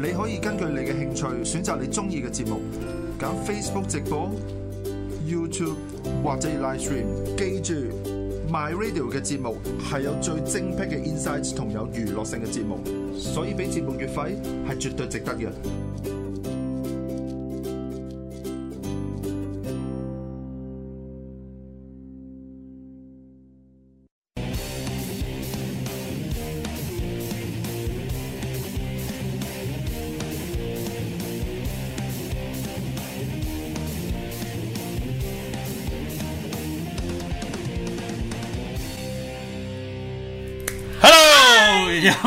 你可以根據你嘅興趣選擇你中意嘅節目，揀 Facebook 直播、YouTube 或者 Live Stream。記住，My Radio 嘅節目係有最精辟嘅 insights 同有娛樂性嘅節目，所以俾節目月費係絕對值得嘅。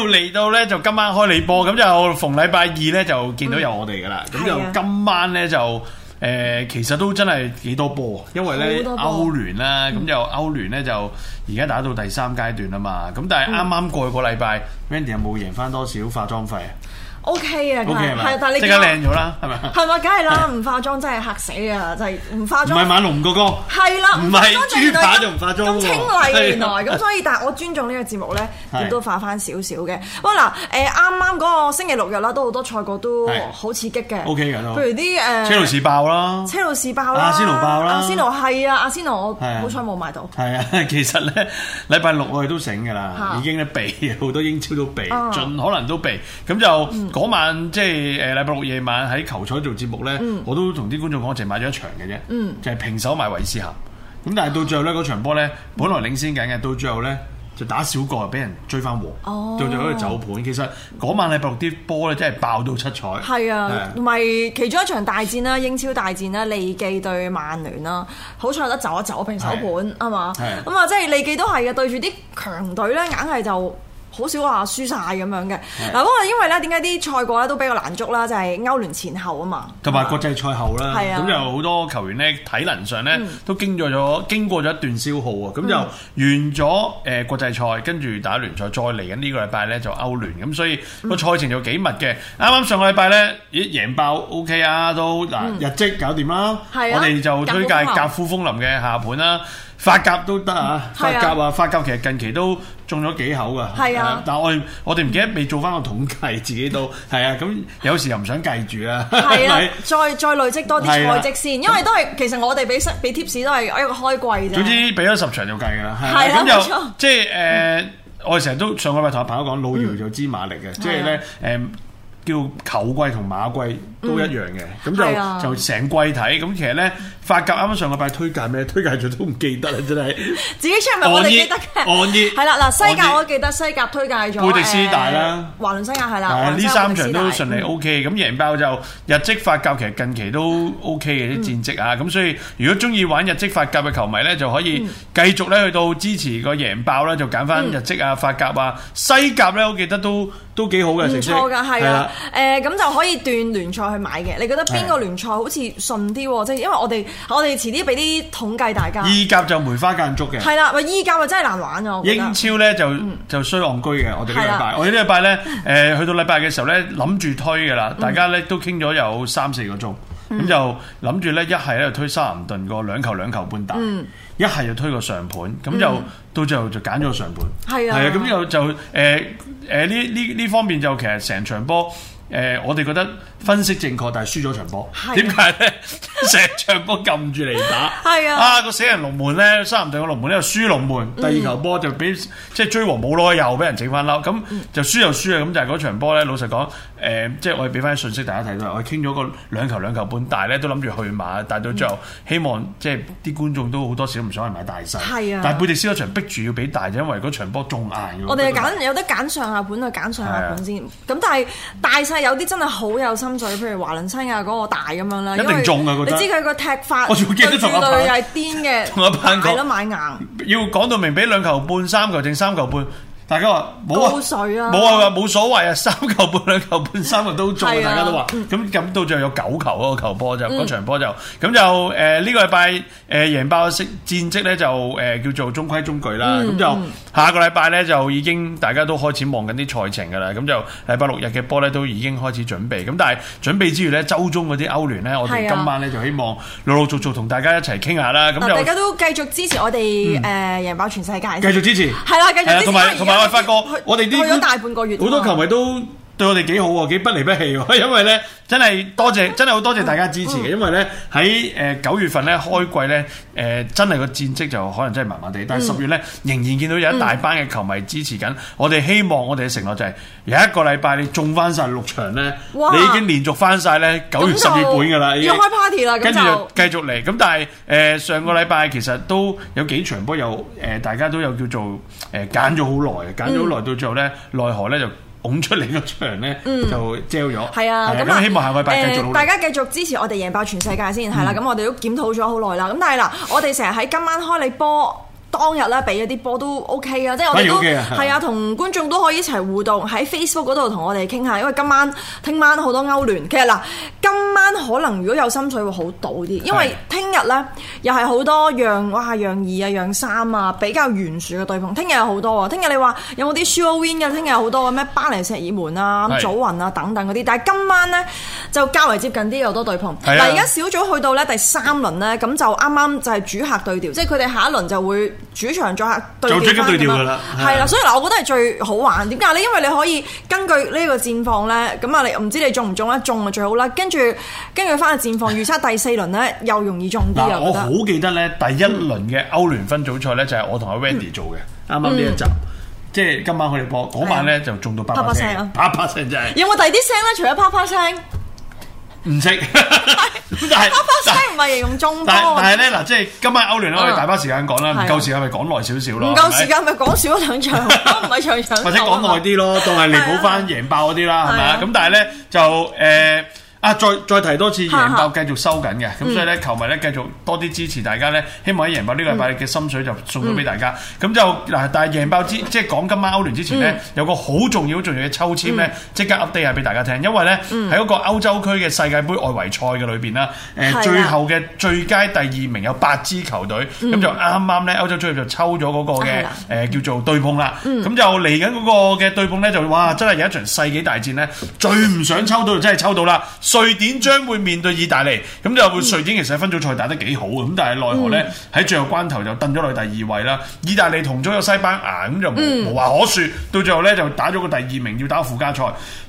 嚟到呢，就今晚開你波，咁就逢禮拜二呢，就見到有我哋噶啦。咁、嗯、就今晚呢，就、呃、其實都真係幾多波，因為呢歐聯啦，咁就歐聯呢，就而家打到第三階段啦嘛。咁但係啱啱過去個禮拜、嗯、Wendy 有冇贏翻多少化妝費啊？O K 啊，咁、okay, 係，但係你即刻靚咗啦，係咪？係咪梗係啦，唔化妝真係嚇死啊！就係、是、唔化妝。唔係猛龍哥哥。係啦。唔係打就唔化妝。咁、嗯、清麗原來咁、啊，所以但係我尊重呢個節目咧，亦都化翻少少嘅。喂嗱，誒，啱啱嗰個星期六日啦，都好多賽果都好刺激嘅。O K 噶啦。譬如啲誒。車路士爆啦。車路士爆啦。阿仙奴爆啦。阿仙奴係啊，阿仙奴我好彩冇買到。係啊，其實咧禮拜六我哋都醒噶啦，已經咧避好多英超都避，盡可能都避！咁就。嗰晚即係誒禮拜六夜晚喺球彩做節目咧、嗯，我都同啲觀眾講，淨買咗一場嘅啫，嗯、就係平手埋韋斯咸。咁但係到最後咧，嗰場波咧，本來領先緊嘅，嗯、到最後咧就打少個，俾人追翻和，哦、到最後走盤。其實嗰晚禮拜六啲波咧真係爆到七彩，係啊，同埋、啊、其中一場大戰啦，英超大戰啦，利記對曼聯啦，好彩得走一走平手盤係啊嘛，咁啊，啊、即係利記都係啊，對住啲強隊咧，硬係就～好少話輸晒咁樣嘅嗱，不過因為咧點解啲賽果咧都比較難捉啦，就係、是、歐聯前後啊嘛，同埋國際賽後啦，咁、啊、就好多球員咧體能上咧都經過咗經過咗一段消耗啊，咁、嗯、就完咗誒國際賽，跟住打聯賽，再嚟緊呢個禮拜咧就歐聯，咁所以個賽程就幾密嘅。啱、嗯、啱上個禮拜咧咦贏爆 OK 啊，都嗱、嗯、日績搞掂啦，我哋就推介甲府風林嘅下盤啦。發甲都得啊！發甲啊！啊發夾其實近期都中咗幾口噶、啊啊呃，但係我哋我哋唔記得未做翻個統計，自己都係啊咁，啊有時又唔想計住啊。係 啊，再再累積多啲賽績先、啊，因為都係其實我哋俾塞俾 tips 都係一個開季啫。總之俾咗十場就計啦。係啊，咁、啊、冇錯即係誒、呃嗯，我哋成日都上個禮拜同阿朋友講，路遙知馬力嘅、嗯，即係咧誒叫球季同馬季。都一樣嘅，咁、嗯、就、嗯、就成季睇。咁、嗯、其實咧，法甲啱啱上個拜推介咩？推介咗都唔記得啦，真係 自己出咪我哋記得嘅。安伊係啦，嗱、嗯嗯、西甲我記得西甲推介咗、嗯呃、貝迪斯大啦，華倫西亞係啦。呢、啊啊、三場都順利 OK、嗯。咁贏爆就日職法甲其實近期都 OK 嘅啲、嗯、戰績啊。咁所以如果中意玩日職法甲嘅球迷咧，就可以繼續咧去到支持個贏爆啦，就揀翻日職啊、法甲啊、嗯、西甲咧。我記得都都幾好嘅，唔錯㗎，係啊。誒咁、啊呃、就可以斷聯賽。去買嘅，你覺得邊個聯賽好似順啲？即係因為我哋我哋遲啲俾啲統計大家。意甲就梅花間竹嘅。係啦，喂，意甲咪真係難玩啊！英超咧就、嗯、就衰戇居嘅。我哋呢個禮拜，的我哋呢個禮拜咧，誒、呃，去到禮拜嘅時候咧，諗住推嘅啦。大家咧都傾咗有三四個鐘，咁、嗯、就諗住咧一係咧推沙林頓個兩球兩球半打，一係就推個上盤，咁就、嗯、到最後就揀咗個上盤。係啊，係啊，咁又就誒誒呢呢呢方面就其實成場波誒、呃，我哋覺得。分析正確，但係輸咗場波。點解咧？成場波撳住嚟打。係啊！啊個死人龍門咧，三連對個龍門，又輸龍門。第二球波就俾、嗯、即係追和冇耐又俾人整翻粒。咁就輸又輸啊！咁就係嗰場波咧。老實講，誒、呃、即係我哋俾翻啲信息大家睇到。係，我傾咗個兩球兩球半，大係咧都諗住去買，但係到最後希望即係啲觀眾都好多時都唔想去買大細。係啊！但係貝蒂斯嗰場逼住要俾大啫，因為嗰場波仲硬。我哋係揀有得揀上下盤，就揀上下盤先。咁但係大細有啲真係好有心。譬如華倫親啊嗰個大咁樣啦，一定中啊！嗰啲你知佢個踢法我記得，對對對，係癲嘅，係咯買硬，要講到明，俾兩球半、三球定三球半。大家話冇啊，冇啊冇、啊、所謂啊，三球半兩球半三個都中、啊， 啊、大家都話。咁咁到最後有九球嗰、嗰個球波就嗰場波就，咁就誒呢個禮拜誒贏爆戰，戰績咧就、呃、叫做中規中矩啦。咁、嗯、就下個禮拜咧就已經大家都開始望緊啲賽程㗎啦。咁就禮拜六日嘅波咧都已經開始準備。咁但係準備之餘咧，周中嗰啲歐聯咧，嗯、我哋今晚咧就希望陸陸續續同大家一齊傾下啦。咁、呃、就大家都繼續支持我哋誒贏爆全世界，繼續支持。係啦、啊，繼續支持，同埋同埋。發覺我哋啲去咗大半個月好多球迷都。對我哋幾好喎，幾不離不棄喎。因為呢，真係多謝，真係好多謝大家支持嘅。因為呢，喺誒九月份呢，開季呢，誒真係個戰績就可能真係麻麻地。但係十月呢，仍然見到有一大班嘅球迷支持緊。嗯嗯，我哋希望我哋嘅承諾就係，有一個禮拜你中翻晒六場呢，你已經連續翻晒呢九月十月本噶啦，要開 party 啦。跟住就繼續嚟。咁但係誒上個禮拜其實都有幾場波又誒大家都有叫做誒揀咗好耐，揀咗好耐到最後呢，奈何呢就。拱出嚟一場咧、嗯、就遮咗，係啊咁、啊、希望下個禮拜繼續、呃、大家繼續支持我哋贏爆全世界先，係、嗯、啦、啊，咁我哋都檢討咗好耐啦。咁但係嗱，我哋成日喺今晚開你波。當日咧俾嗰啲波都 OK，都 OK 啊，即係我哋都係啊，同觀眾都可以一齊互動喺 Facebook 嗰度同我哋傾下，因為今晚、聽晚好多歐聯。其實嗱，今晚可能如果有心水會好賭啲，因為聽日咧又係好多讓哇、讓二啊、讓三啊，比較懸殊嘅對碰。聽日有好多喎，聽日你話有冇啲 sure win 嘅？聽日有好多咩巴黎、石爾門啊、祖雲啊等等嗰啲。但係今晚咧就較為接近啲，有多對碰。嗱，而家小組去到咧第三輪咧，咁就啱啱就係主客對調，即係佢哋下一輪就會。主場作客對調咁啊，係啦，所以嗱，我覺得係最好玩。點解咧？因為你可以根據呢個戰況咧，咁啊，你唔知你中唔中啦，中就最好啦。跟住根據翻去戰況預測第四輪咧，又容易中啲。 我好記得咧，第一輪嘅歐聯分組賽咧，就係我同阿 Wendy 做嘅，啱啱呢一集，即係今晚可以播嗰晚咧，就中到啪啪聲，啪啪聲真係。有冇第啲聲咧？除咗啪啪聲？唔識、啊啊，但係發聲唔係形容中波。但係咧嗱，即係今晚歐聯咧，我哋大把時間講啦，唔夠、啊、時間咪講耐少少咯。唔夠時間咪講少兩場，唔係場場或者講耐啲咯，仲係彌補翻贏爆嗰啲啦，係咪啊？咁、啊啊、但係咧就誒。呃啊！再再提多次，贏爆繼續收緊嘅，咁所以咧，球迷咧繼續多啲支持大家咧、嗯，希望喺贏爆呢個禮拜嘅心水就送咗俾大家。咁、嗯嗯、就嗱，但係贏爆之即係講今晚歐聯之前咧、嗯，有個好重要好重要嘅抽籤咧，即、嗯、刻 update 下俾大家聽，因為咧喺嗰個歐洲區嘅世界盃外圍賽嘅裏面啦、嗯，最後嘅最佳第二名有八支球隊，咁、嗯、就啱啱咧歐洲區就抽咗嗰個嘅、嗯呃、叫做對碰啦，咁、嗯、就嚟緊嗰個嘅對碰咧就哇真係有一場世紀大戰咧，最唔想抽到就真係抽到啦！瑞典將會面對意大利，咁就會瑞典其實分組賽打得幾好咁、嗯、但係奈何呢？喺最後關頭就掟咗落去第二位啦。意大利同咗有西班牙，咁就冇、嗯、話可說。到最後呢，就打咗個第二名要打附加賽，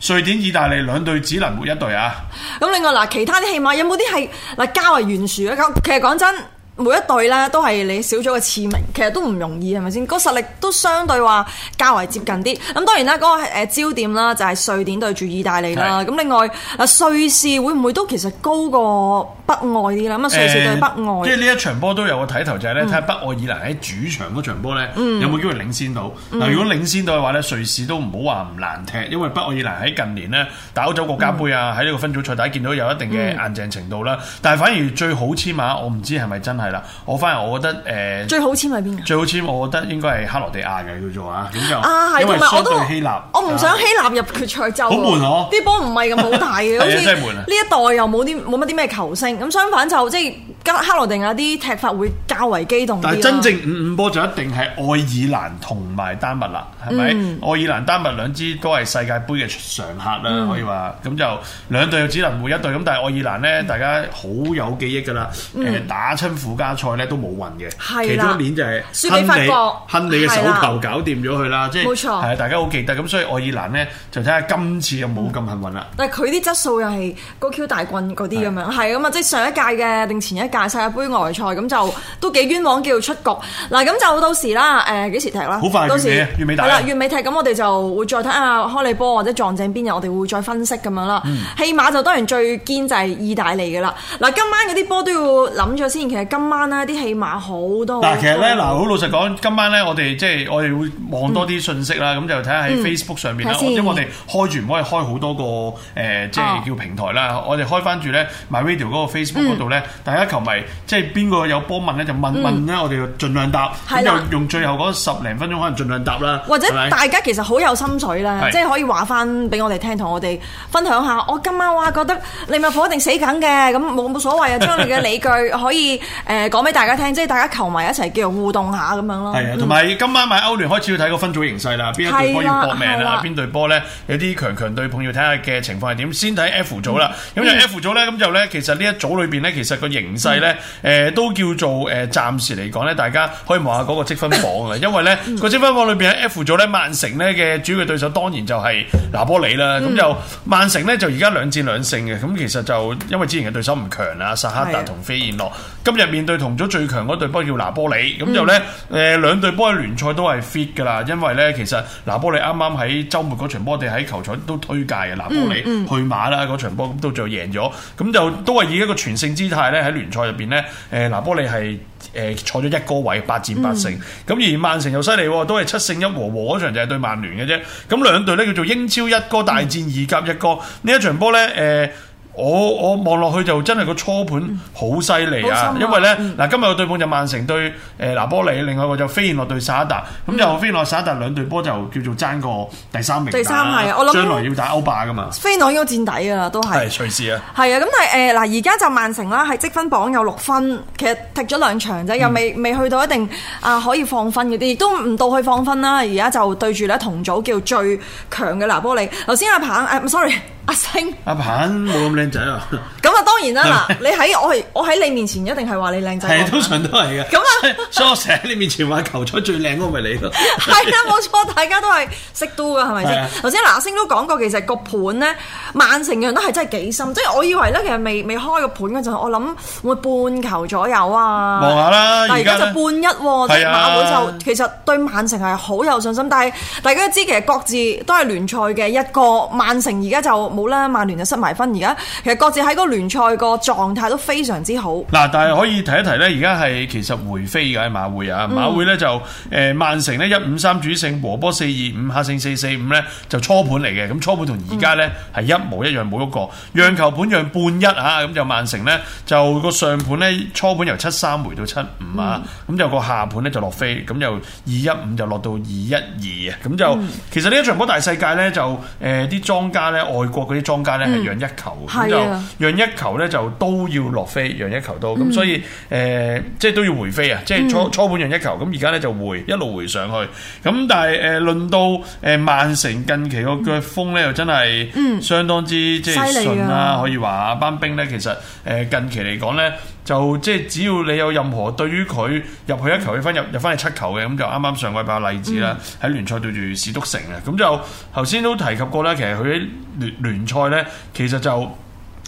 瑞典、意大利兩隊只能沒一隊啊。咁另外嗱，其他啲戲碼有冇啲係嗱較為懸殊咁其實講真。每一隊咧都係你小組嘅次名，其實都唔容易，係咪先？個實力都相對話較為接近啲。咁當然啦，嗰、那個誒焦點啦就係瑞典對住意大利啦。咁另外，嗱瑞士會唔會都其實高過北愛啲啦？咁啊瑞士對北愛、欸。即係呢一場波都有個睇頭、就是，就係咧睇下北愛爾蘭喺主場嗰場波咧有冇機會領先到。嗱、嗯，如果領先到嘅話咧，瑞士都唔好話唔難踢，因為北愛爾蘭喺近年咧打咗國家杯啊，喺呢個分組賽大家見到有一定嘅硬淨程度啦、嗯。但係反而最好黐碼，我唔知係咪真。係啦，我反而我覺得誒，最好簽係邊？最好簽我覺得應該係克羅地亞嘅叫做啊，咁就啊，係，同埋我都希臘，我唔想希臘入決賽周就、啊啊、 好悶囉！啲波唔係咁好大嘅，好似呢一代又冇啲冇乜啲咩球星，咁相反就即係。就是加克羅地亞啲踢法會較為激動，啊、但係真正五五波就一定係愛爾蘭同埋丹麥啦，係、嗯、咪？愛爾蘭丹麥兩支都係世界盃嘅常客啦，可以話。咁、嗯、就兩隊又只能換一隊，咁、嗯、但係愛爾蘭咧，嗯、大家好有記憶㗎啦，嗯、打親附加賽咧都冇運嘅，嗯、其中一年就係輸俾法國，亨利嘅手球搞掂咗佢啦，即係冇錯、就，啊、係，大家好記得。咁所以愛爾蘭咧就睇下今次又有冇咁幸運啦。但係佢啲質素又係高 Q 大棍嗰啲咁樣，係啊即係上一屆嘅定前一。架曬一杯外賽咁就都幾冤枉叫出局。嗱，咁就到時啦，誒幾時踢啦？好快完嘅，月尾打了。係啦，月尾踢，咁我哋就會再睇下開你波或者撞正邊日，我哋會再分析咁樣啦。戲、嗯、碼就當然最堅就係意大利嘅啦。嗱，今晚嗰啲波都要諗咗先想。其實今晚咧啲戲碼好多。嗱，其實咧嗱，好老實講，嗯、今晚咧我哋即係我哋會望多啲信息啦，咁、嗯、就睇下喺 Facebook 上面啦。或、嗯、者、嗯、我哋開住唔、嗯、可以開好多個誒、呃，即係叫平台啦。哦、我哋開翻住咧 MyRadio 嗰個 Facebook 嗰度咧，嗯、大家求咪即係邊個有波問咧就問問咧、嗯，我哋要盡量答。係啦，就用最後嗰十零分鐘可能盡量答啦。或者大家其實好有心水咧，即係可以話翻俾我哋聽，同我哋分享一下。我、哦、今晚哇覺得利物浦一定死梗嘅，咁冇冇所謂啊？將你嘅理據可以誒講俾大家聽，即係大家球迷一齊叫互動一下咁樣咯。係啊，同埋今晚咪歐聯開始要睇個分組形勢啦，邊隊波要搏命啊，邊隊波咧有啲強強對碰要睇下嘅情況係點，先睇 F 組啦。咁、嗯、又 F 組咧，咁、嗯、就咧其實呢一組裏邊咧，其實個形勢、嗯。係咧，誒、呃、都叫做誒、呃、暫時嚟講咧，大家可以望下嗰個積分榜嘅，因為咧、 嗯、個積分榜裏邊喺 F 組咧，曼城咧嘅主要嘅對手當然就係拿波里啦。咁、嗯、就曼城呢，就而家兩戰兩勝嘅，咁其實就因為之前嘅對手唔強啦，薩克達同菲燕諾，今日面對同組最強嗰隊波叫拿波里。咁就咧誒、嗯、兩隊波嘅聯賽都係 fit 㗎啦，因為咧其實拿波里啱啱喺週末嗰場波，我哋喺球賽都推介嘅拿波里去馬啦嗰場波，都就贏咗。咁就都係以一個全勝姿態咧喺聯賽。入邊咧，誒，拿波利係誒、呃、坐咗一哥位，八戰八勝，咁、嗯、而曼城又犀利，都係七勝一和、和，和嗰場就係對曼聯嘅啫，咁兩隊咧叫做英超一哥大戰意甲一哥，呢、嗯、一場波咧，誒、呃。我我望落去就真係個初盤好犀利啊、嗯！因為咧嗱、嗯，今日個對碰就曼城對誒拿波利、嗯，另外一個就飛燕諾對薩達，咁、嗯、就飛燕諾薩達兩隊波就叫做爭個第三名，第三係啊！我諗將來要打歐霸噶嘛，飛燕諾應該墊底噶啦，都係係隨時啊，係啊！咁但係誒嗱，而、呃、家就曼城啦，喺積分榜有六分，其實踢咗兩場啫、嗯，又未未去到一定啊可以放分啲亦都唔到去放分啦。而家就對住咧同組叫最強嘅拿波利，頭先阿彭誒、啊、，sorry。阿星，阿鵬冇咁靚仔啊！咁啊，當然啦嗱，你喺我係我喺你面前一定係話你靚仔，通常都係噶。咁啊，所以我成日喺你面前話球賽最靚嗰個咪你咯。係啊，冇錯，大家都係識都噶，係咪先？頭先嗱，阿星都講過，其實個盤咧，曼城嘅人都係真係幾深，即係我以為咧，其實未未開個盤嗰陣，我諗會半球左右啊。望下啦，但而家就半一，即係馬會就其實對曼城係好有信心，但係大家知其實各自都係聯賽嘅一個曼城，而家就。冇啦，曼聯就失埋分，而家其實各自喺個聯賽個狀態都非常之好。嗱，但係可以提一提咧，而家係其實回飛嘅喺馬會啊，馬會咧就誒曼城呢，一五三主勝，和波四二五，客勝四四五咧就初盤嚟嘅，咁初盤同而家咧係一模一樣冇一個讓球盤，讓半一啊。咁就曼城咧就個上盤咧初盤由七三回到七五啊，咁就個下盤咧就落飛，咁就二一五就落到二一二啊，咁就其實呢一場波大世界咧就誒啲莊家咧外國。嗰啲莊家咧係讓一球，咁、嗯、就讓一球咧就都要落飛，讓一球都咁，嗯、所以誒即係都要回飛啊！即係初初本讓一球，咁而家咧就回一路回上去。咁但係誒、呃，論到誒曼城近期個腳風咧、嗯，又真係相當之、嗯、即係順啦，可以話啊班兵咧，其實誒近期嚟講咧，就即係只要你有任何對於佢入去一球，要翻入入翻去七球嘅，咁就啱啱上季有例子啦，喺、嗯、聯賽對住史篤城啊，咁就頭先都提及過啦，其實佢喺聯聯聯賽咧，其實就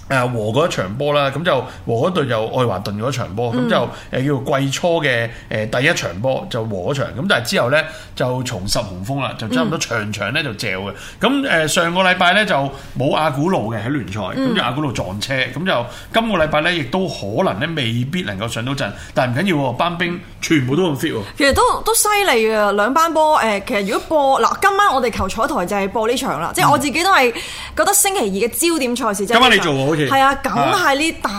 誒和嗰一場波啦，咁就和嗰隊就愛華頓嗰場波，咁就叫做季初嘅第一場波、嗯、就和嗰場，咁但係之後咧就重拾雄風啦，就差唔多場場咧就借嘅。咁上個禮拜咧就冇阿古路嘅喺聯賽，咁就阿古路撞車，咁就今個禮拜咧亦都可能咧未必能夠上到陣，但係唔緊要，班兵全部都咁 fit。其實都都犀利㗎。兩班波其實如果播嗱，今晚我哋球彩台就係播呢場啦，即、嗯、係我自己都係覺得星期二嘅焦點賽事。今晚你做？係啊，梗係呢大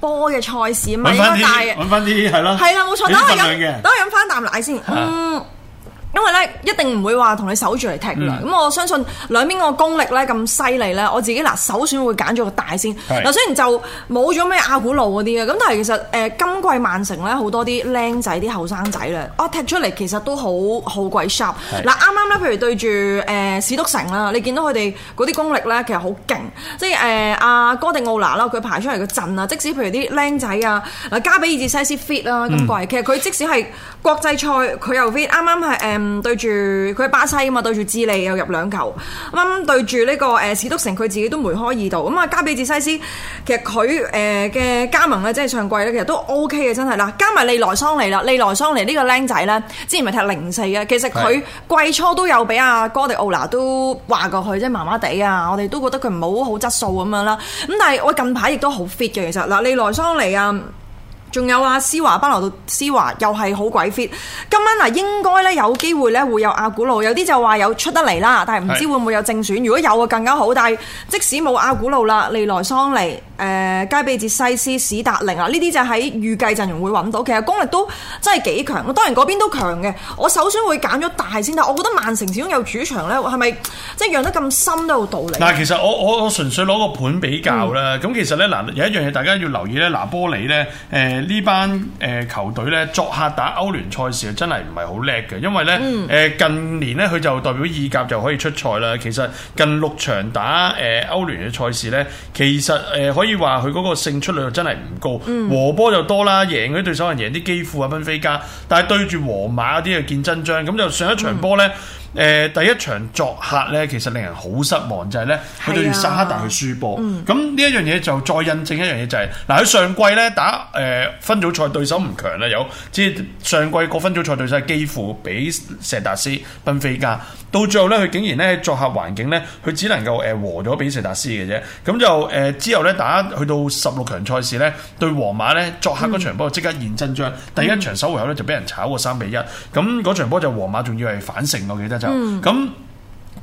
波嘅賽事啊嘛，應該大嘅。揾翻啲係咯，係啦，冇錯啦。等我飲，等我飲翻啖奶先。啊、嗯。因為咧一定唔會話同你守住嚟踢嘅，咁、嗯、我相信兩邊個攻力咧咁犀利咧，我自己嗱首選會揀咗個大先。嗱，雖然就冇咗咩阿古路嗰啲啊，咁但係其實誒今季曼城咧好多啲僆仔啲後生仔呢，我踢出嚟其實都好好鬼 sharp。嗱啱啱咧，譬如對住誒、呃、史篤城啦，你見到佢哋嗰啲攻力咧，其實好勁。即係誒阿哥迪奧拿啦，佢排出嚟個陣啊，即使譬如啲僆仔啊，嗱加比爾至西 C fit 啦，咁、嗯、今季其實佢即使係國際賽，佢又 fit。啱啱係誒。對住佢係巴西啊嘛，對住智利又入兩球。咁對住呢個誒史篤城，佢自己都梅開二度。咁啊加比治西斯，其實佢誒嘅加盟咧，即係上季咧，其實都 O K 嘅，真係啦。加埋利萊桑尼啦，利萊桑尼呢個僆仔咧，之前咪踢零四嘅，其實佢季初都有俾阿哥迪奧拿都話過佢，即係麻麻地啊，我哋都覺得佢唔好好質素咁樣啦。咁但係我近排亦都好 fit 嘅，其實嗱，利萊桑尼啊。仲有啊，施華巴拿度。施華又係好鬼 fit。今晚嗱，應該咧有機會咧會有阿古路，有啲就話有出得嚟啦，但係唔知會唔會有正選。是的 如果有啊，更加好。但係即使冇阿古路啦，利來桑尼。誒加比捷西斯史達寧啊，呢啲就喺預計陣容會揾到，其實功力都真係幾強。當然嗰邊都強嘅，我首先會揀咗大先，但係我覺得曼城始終有主場咧，係咪即係讓得咁深都有道理，啊？嗱，其實我我我純粹攞個盤比較啦。咁、嗯、其實咧，嗱有一樣嘢大家要留意咧，嗱拿波里呢，呢、呃、班、呃、球隊咧，作客打歐聯賽事真係唔係好叻嘅，因為咧、嗯呃、近年咧佢就代表意甲就可以出賽啦。其實近六場打誒、呃、歐聯嘅賽事咧，其實、呃、可以。話佢嗰個勝出率真係唔高，嗯、和波就多啦，贏嗰啲對手人贏啲基輔啊，賓菲加，但係對住皇馬嗰啲就見真章，咁就上一場波呢。嗯誒、呃、第一場作客咧，其實令人好失望，就係咧佢對沙克達去輸波。咁呢一樣嘢就再印證一樣嘢，就係嗱，喺上季咧打誒、呃、分組賽對手唔強啦，有即係上季個分組賽對手幾乎比錫達斯、賓菲加，到最後咧佢竟然咧作客環境咧佢只能夠、呃、和咗比錫達斯嘅啫。咁就誒、呃、之後咧打去到十六強賽事咧對皇馬咧作客嗰場波即刻現真章，嗯、第一場首回合咧就俾人炒過三比一。咁嗰場波就皇馬仲要係反勝我記得。咁、嗯、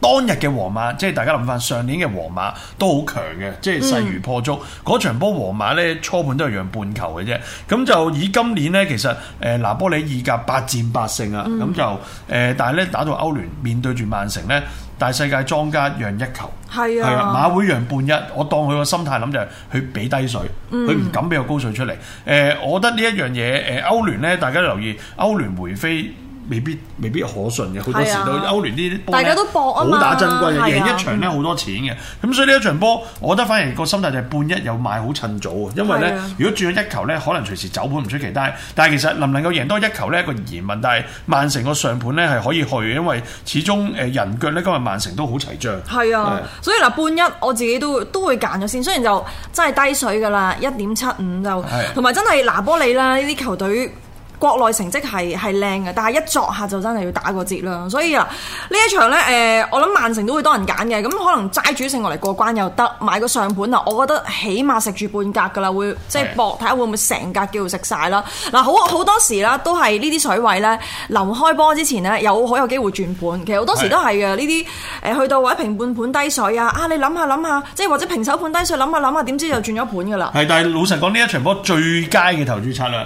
當日嘅皇馬，即係大家諗翻上年嘅皇馬都好強嘅，即係勢如破竹。嗰、嗯、場波皇馬咧初盤都係讓半球嘅啫。咁就以今年咧，其實誒拿、呃、波里意甲八戰八勝啊，咁、嗯、就誒、呃，但係咧打到歐聯面對住曼城咧，大世界莊家讓一球，係啊，係啊，馬會讓半一。我當佢個心態諗就係佢俾低水，佢、嗯、唔敢俾個高水出嚟。誒、呃，我覺得呢一樣嘢誒，歐聯咧，大家留意歐聯回飛。未必未必可信嘅，好多時候都歐聯啲大家都搏好打真嘅、啊、贏一場咧好多錢嘅。咁所以呢一場波，我覺得反而個心態就係半一有買好趁早啊，因為咧、啊、如果轉咗一球咧，可能隨時走盤唔出奇。但係但其實能唔能夠贏多一球咧，一個疑問。但係曼城個上盤咧係可以去，因為始終人腳咧，今日曼城都好齊將。係啊，啊、所以嗱半一我自己都都會揀咗先，雖然就真係低水噶啦，一點七五就，同埋、啊、真係拿波利啦呢啲球隊。國內成績係係靚嘅，但係一作客就真係要打個折啦。所以啊，呢一場呢，誒、呃，我諗曼城都會多人揀嘅。咁可能齋主勝落嚟過關又得，買個上盤啊。我覺得起碼食住半格噶啦，會即係搏睇下會唔會成格叫食晒啦。嗱，好好多時啦，都係呢啲水位呢，臨開波之前呢有好有機會轉盤。其實好多時都係嘅，呢啲去到或者平半盤低水啊，啊，你諗下諗下，即係或者平手盤低水諗下諗下，點知就轉咗盤噶啦。係，但係老實講，呢一場波最佳嘅投注策略。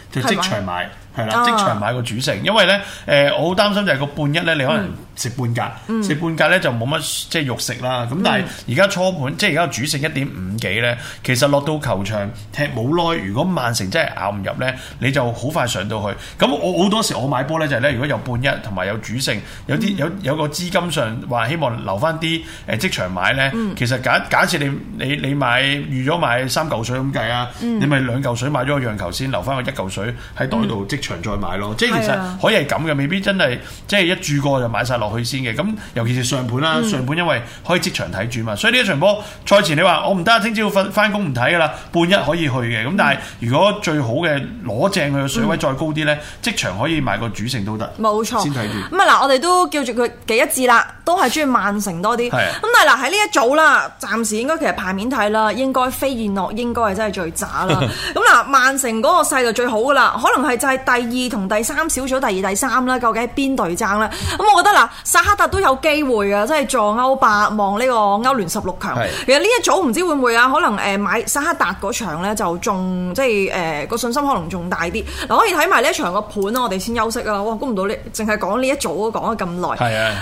就即場買係啦，啊、即場買個主勝，因為咧誒，我好擔心就係個半一咧，你可能食半格，食、嗯、半格咧就冇乜即係肉食啦。咁、嗯、但係而家初盤即係而家主勝一點五幾咧，其實落到球場踢冇耐，如果曼城真係咬唔入咧，你就好快上到去。咁我好多時我買波咧就係咧，如果有半一同埋有主勝，有啲有有個資金上話希望留翻啲誒即場買咧，其實假假設你你你買預咗買三嚿水咁計啊，你咪兩嚿水買咗個讓球先，留翻個一嚿水。佢喺袋度即場再買咯、嗯，即係其實可以係咁嘅，未必真係即係一注過就買晒落去先嘅。咁尤其是上盤啦，上盤因為可以即場睇住嘛，所以呢一場波賽前你話我唔得，聽朝要訓返工唔睇㗎喇，半日可以去嘅。咁但係如果最好嘅攞正佢水位再高啲咧，即、嗯、場可以買個主勝都得。冇錯，先睇住咁啊！嗱，我哋都叫住佢幾一致啦。都係中意曼城多啲，咁但係嗱喺呢一組啦，暫時應該其實排面睇啦，應該飛燕諾應該係真係最渣啦。咁 嗱，曼城嗰個勢就最好噶啦，可能係就係第二同第三小組第二第三啦，究竟係邊隊爭啦咁 我覺得嗱，薩克達都有機會啊，真係撞歐霸望呢個歐聯十六強。其實呢一組唔知會唔會啊？可能誒、呃、買薩克達嗰場咧就仲即係誒個信心可能仲大啲。嗱，可以睇埋呢一場個盤我哋先休息啦。哇，估唔到你，淨係講呢一組都講咗咁耐。係啊，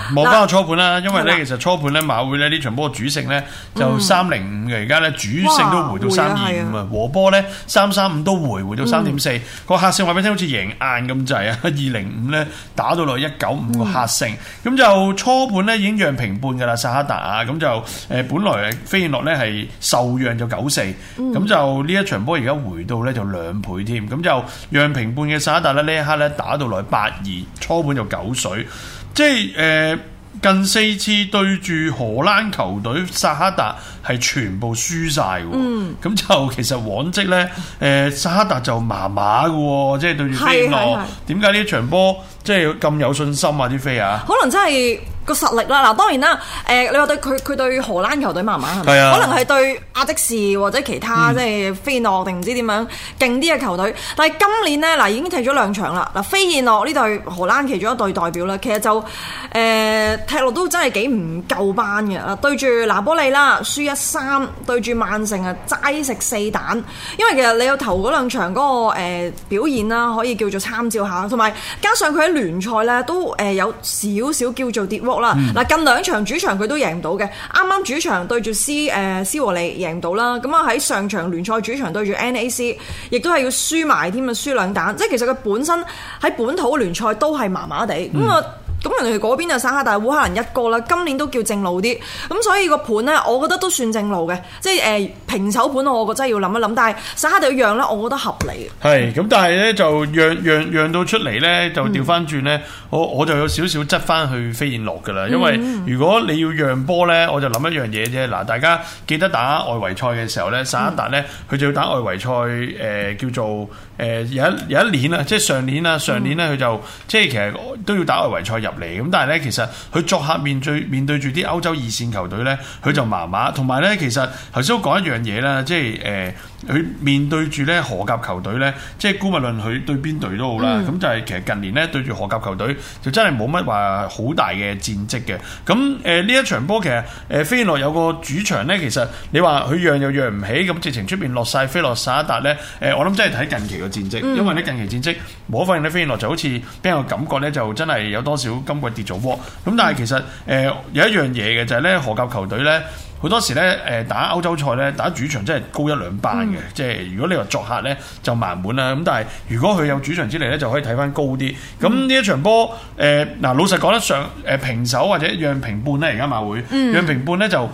半啦，因為咧，其實初盤咧馬會咧呢場波主勝咧就三零五嘅，而家咧主勝都回到三二五啊，和波咧三三五都回回到三點四，個客勝話俾你聽好似贏硬咁滯啊，二零五咧打到落一九五個客勝，咁、嗯、就初盤咧已經讓平半噶啦，沙克達啊，咁就誒本來飛燕諾咧係受讓咗九四，咁就呢一場波而家回到咧就兩倍添，咁就讓平半嘅沙克達咧呢一刻咧打到來八二，初盤就九水，即係誒。呃近四次對住荷蘭球隊薩克達。係全部輸晒喎，咁、嗯、就其實往績咧，誒、呃、沙特就麻麻嘅喎，即係對住菲諾。點解呢一場波即係咁有信心啊？啲飛啊？可能真係個實力啦。嗱，當然啦，誒、呃、你話對佢佢對荷蘭球隊麻麻係咪？是是啊，可能係對阿的士或者其他、嗯、即係菲諾定唔知點樣勁啲嘅球隊。但係今年呢，嗱、呃、已經踢咗兩場啦。嗱，飛燕諾呢隊荷蘭其中一隊代表啦，其實就誒、呃、踢落都真係幾唔夠班嘅。對住拿波利啦，輸。一三對住曼城啊，齋食四蛋，因為其實你有頭嗰兩場嗰個誒表現啦，可以叫做參照下，同埋加上佢喺聯賽咧都誒有少少叫做跌窩啦。嗱，近兩場主場佢都贏唔到嘅，啱啱主場對住斯誒斯和利贏唔到啦，咁啊喺上場聯賽主場對住 NAC，亦都係要輸埋添啊，輸兩蛋，即係其實佢本身喺本土聯賽都係麻麻地咁啊。嗯咁人哋嗰邊就散下大烏克蘭一哥啦，今年都叫正路啲，咁所以個盤呢，我覺得都算正路嘅，即係平手盤，我覺得真係要諗一諗。但係散下大讓呢，我覺得合理。係咁，但係呢，就讓讓，讓到出嚟呢，就調翻轉呢。嗯、我我就有少少執翻去飛燕落噶啦。因為如果你要讓波呢，我就諗一樣嘢啫。嗱，大家記得打外圍賽嘅時候哈呢，散一大呢，佢就要打外圍賽、呃、叫做、呃、有一有一年啦，即係上年啦，上年呢，佢、嗯、就即係其實都要打外圍賽嚟咁，但係咧，其實佢作客面對面對住啲歐洲二線球隊咧，佢就麻麻。同埋咧，其實頭先我講一樣嘢啦，即係誒，佢、呃、面對住咧荷甲球隊咧，即係姑勿論佢對邊隊都好啦。咁就係其實近年咧對住荷甲球隊，就真係冇乜話好大嘅戰績嘅。咁誒呢一場波，其實誒、呃、飛諾飛燕諾有個主場咧，其實你話佢讓又讓唔起，咁直情出面落晒飛燕諾晒達咧。誒、呃，我諗真係睇近期嘅戰績，因為咧近期的戰績，我、嗯、發現咧飛燕諾就好似俾人嘅感覺咧，就真係有多少。今季跌咗波，咁但係其實誒、呃、有一樣嘢嘅就係、是、咧，荷甲球隊咧好多時咧打歐洲賽咧打主場真係高一兩班嘅，嗯、即係如果你話作客咧就慢滿啦，咁但係如果佢有主場之利咧就可以睇翻高啲。咁呢一場波誒嗱，老實講得上、呃、平手或者讓平半咧，而家馬會讓平半咧就。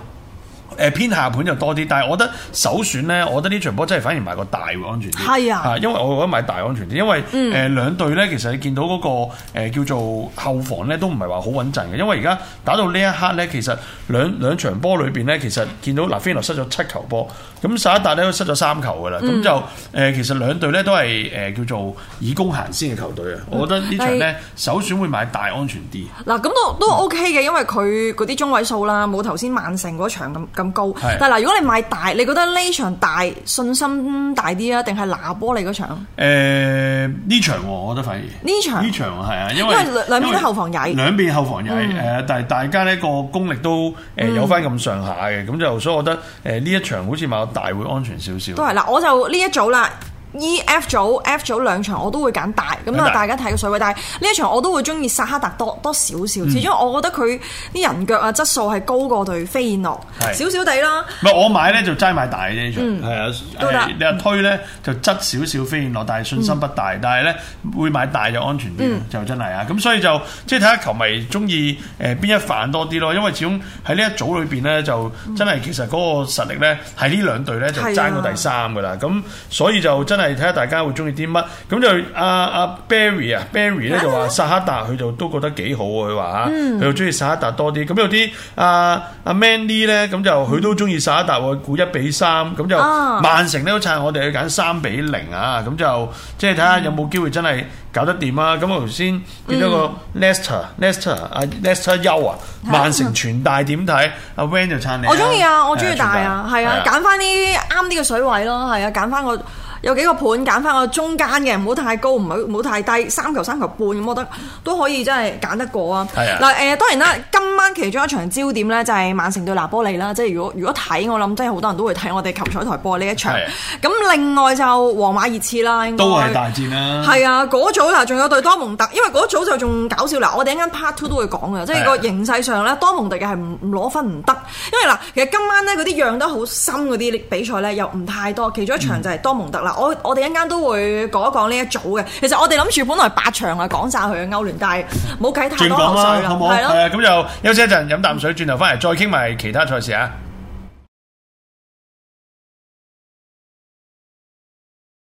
誒偏下盤就多啲，但係我覺得首選呢，我覺得呢場波真係反而買個大會安全啲。係啊，因為我覺得買大安全啲，因為誒、嗯、兩隊呢，其實你見到嗰、那個、呃、叫做後防呢，都唔係話好穩陣嘅。因為而家打到呢一刻呢，其實兩兩場波裏面呢，其實見到嗱，菲羅失咗七球波，咁薩、嗯、達呢都失咗三球噶啦。咁、嗯、就、呃、其實兩隊呢都係、呃、叫做以攻行先嘅球隊啊。嗯、我覺得呢場呢，首選會買大安全啲。嗱，咁都都 OK 嘅，嗯、因為佢嗰啲中位數啦，冇頭先曼城嗰場咁咁。高，但係嗱，如果你買大，你覺得呢場大信心大啲啊，定係拿波利嗰場？誒、呃，呢場我覺得反而呢場呢場係啊，因為兩邊後防弱，兩邊後防弱誒，嗯、但係大家呢個功力都誒有翻咁上下嘅，咁、嗯、就所以我覺得誒呢一場好似買大會安全少少。都係啦，我就呢一組啦。E f、F 組 f 組兩場我都會揀大，咁啊大，大家睇個水位。但係呢一場我都會中意薩哈特多多少少，始、嗯、終我覺得佢啲人腳啊質素係高過我對飛燕諾，少少哋啦。唔係，我買咧就齋買大啫，係、嗯、啊、嗯，都得、嗯。你一推咧就質少少飛燕諾，但係信心不大。嗯、但係咧會買大就安全啲、嗯，就真係啊。咁所以就即係睇下球迷中意誒邊一范多啲咯。因為始終喺呢一組裏邊咧，就真係、嗯、其實嗰個實力咧，喺呢兩隊咧就爭到第三噶啦。咁、啊、所以就真係。睇下大家會中意啲乜，咁就阿阿 Barry 啊，Barry 咧就話薩哈達佢就都覺得幾好喎，佢話嚇，佢就中意薩哈達多啲。咁有啲阿阿 Manly 咧，咁就佢都中意薩哈達喎，估一比三。咁就曼城咧都撐我哋去揀三比零啊，咁就即係睇下有冇機會真係搞得掂啊！咁我頭先見到個 Nester Nester 阿 Nester 優啊，曼城全大點睇？阿 Van 就撐你。我中意啊，我中意大啊，係啊，揀翻啲啱啲嘅水位咯，係啊，揀翻個。有幾個盤揀翻個中間嘅，唔好太高，唔好太低，三球三球半咁，我覺得都可以真係揀得過啊！嗱、啊呃、當然啦，今晚其中一場焦點咧就係曼城對拿波利啦，即係如果如果睇我諗，真係好多人都會睇我哋球賽台播呢一場。咁、啊、另外就皇馬熱刺啦，應該都係大戰啦。係啊，嗰組嗱仲有對多蒙特，因為嗰組就仲搞笑啦。我哋一陣 part two 都會講嘅，即係個形勢上咧，啊、多蒙特嘅係唔攞分唔得，因為嗱其實今晚呢，嗰啲讓得好深嗰啲比賽呢，又唔太多，其中一場就係多蒙特。嗯。嗱，我我哋一陣間都會講一講呢一組嘅。其實我哋諗住本來八場係，講晒佢嘅歐聯，但係冇計太多口水對好水啦，啊對，咁的就休息一陣飲啖水，轉頭翻嚟再傾埋其他賽事啊。